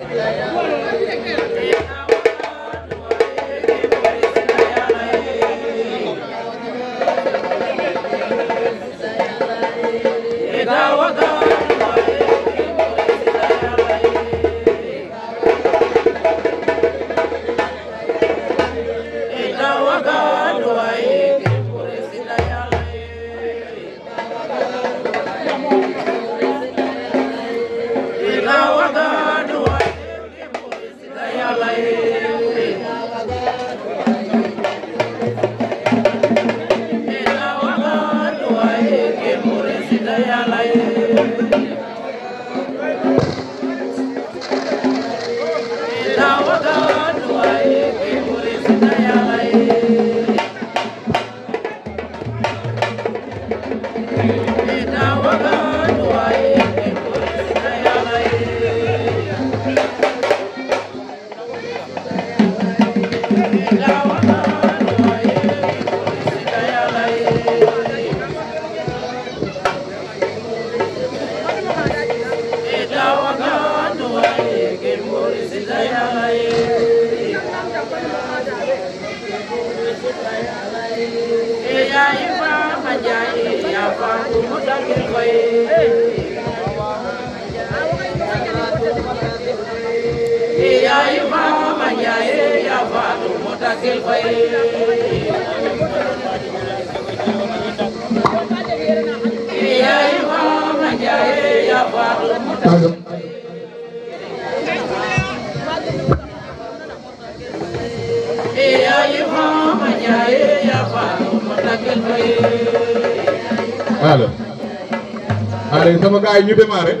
yeah. وترك الخير يا sama gars yi ñu démarré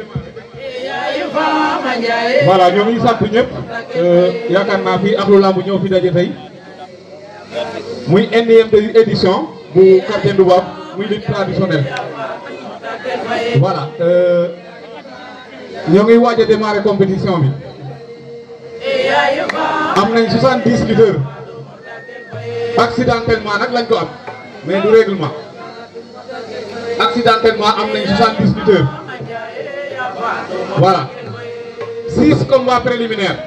voilà ñoom ñu sàkku ñëpp euh, yaakaar naa fi ak lu làmb ñëw fi daje tey oui de édition pour quartier Ndoubab oui lutte traditionnelle voilà euh, ñoo ngi démarré la compétition bi am 70 accidentellement mais du règlement accidentellement am 78. voilà 6 combats préliminaires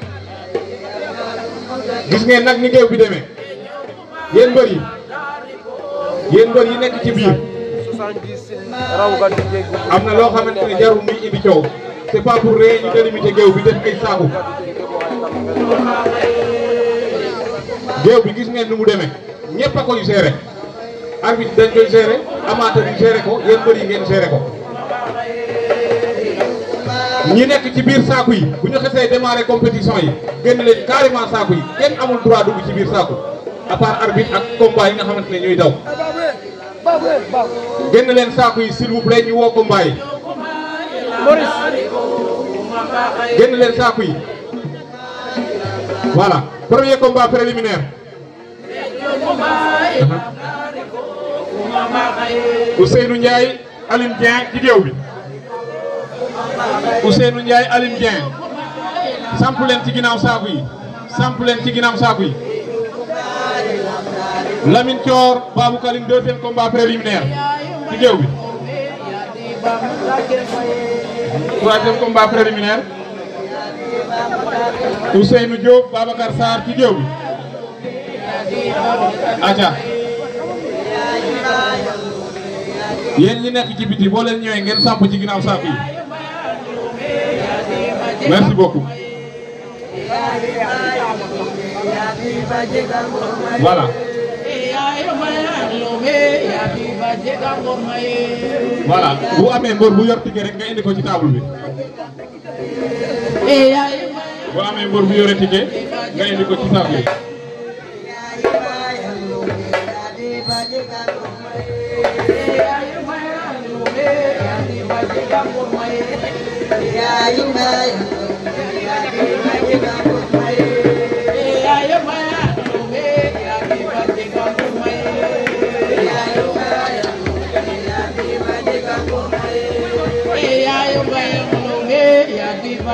ni yéen mbër yi yéen mbër yi nekk ci biir am na loo xamante ni jarul muy indi coow c'est pas pour rien ñu délimité géew bi def ay saaku géew bi gis ngeen nu mu demee ñëpp a koy gérer arbitre dañ koy gérer amateur yi gérer ko yéen mbër yi ngeen gérer ko ñi nekk ci biir saaku yi bu ñu xesee démarrer compétition yi génn leen carrément saaku yi kenn amul droit dugg ci biir saaku à part arbitre ak combat yi nga ne ñuy daw. génn leen saako yi s'il vous ñu woo combat yi. Maurice génn leen saako yi. premier combat préliminaire. Ousseynou Ndiaye Aline Dieng bi. Ousseynou Ndiaye Aline leen ci ginnaaw saako yi. samp leen ci ginnaaw saako yi. Lamine Thior babu Kalim deuxième combat préliminaire ci géew bi troisième combat préliminaire Ousseynou Diop Babacar sar ci géew bi acha yeen ñi nekk ci biti bo leen ñëwee ngeen samp ci ginaaw saako yi merci beaucoup voilà voilà bu amee mbër bu yor ticket rek nga indi ko ci table bi. bu amee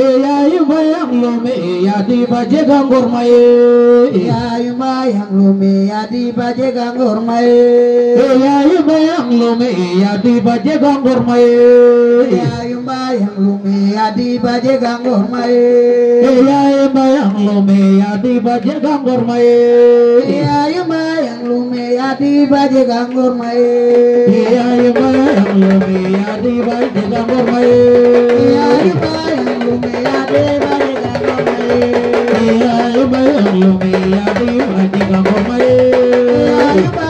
yayuma yanglume yadiba jega ngormaye yayuma yanglume yadiba jega ngormaye yayuma yanglume yadiba jega ngormaye yayuma yanglume yadiba jega ngormaye yayuma yanglume yadiba jega ngormaye yayuma Adibadi Gangor Mai Iya Adibadi Adibadi Gangor Mai Iya Adibadi Adibadi Gangor Mai Iya Adibadi Adibadi Gangor Mai Iya mai.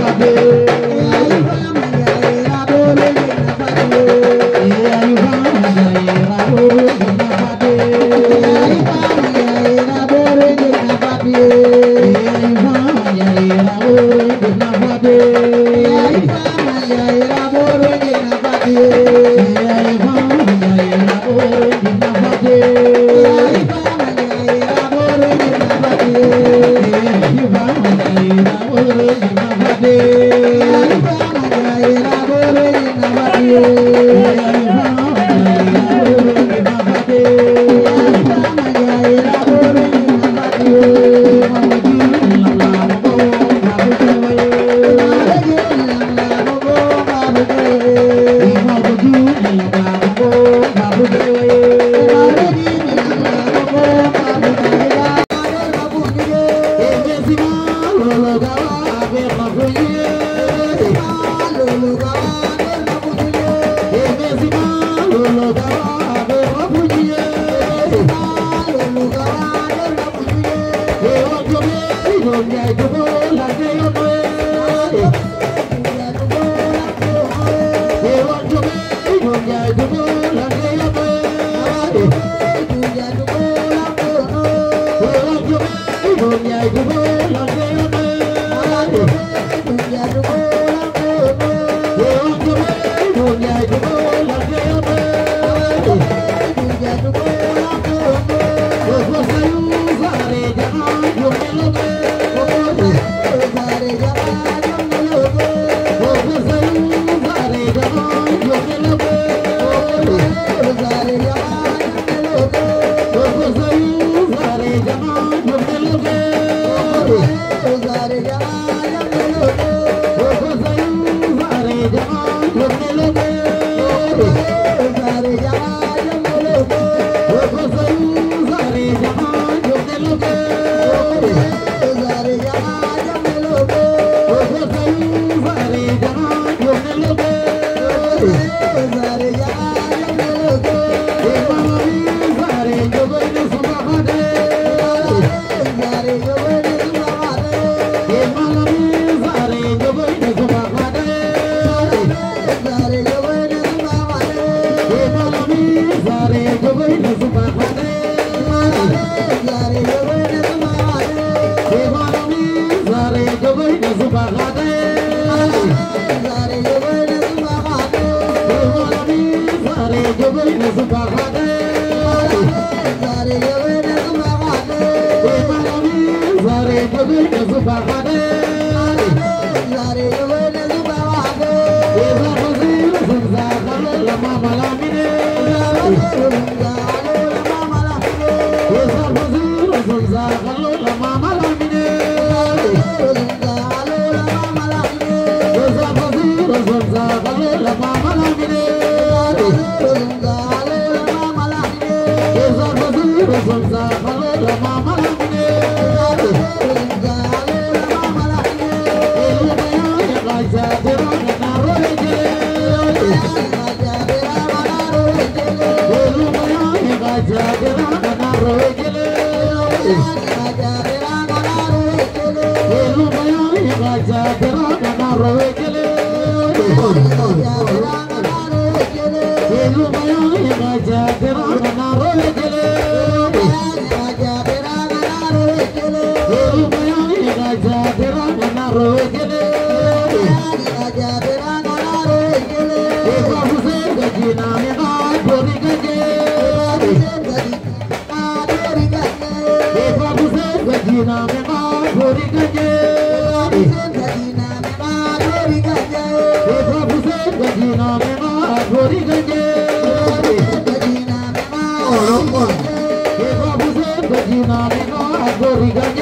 Yeah. Bahada you. na na na na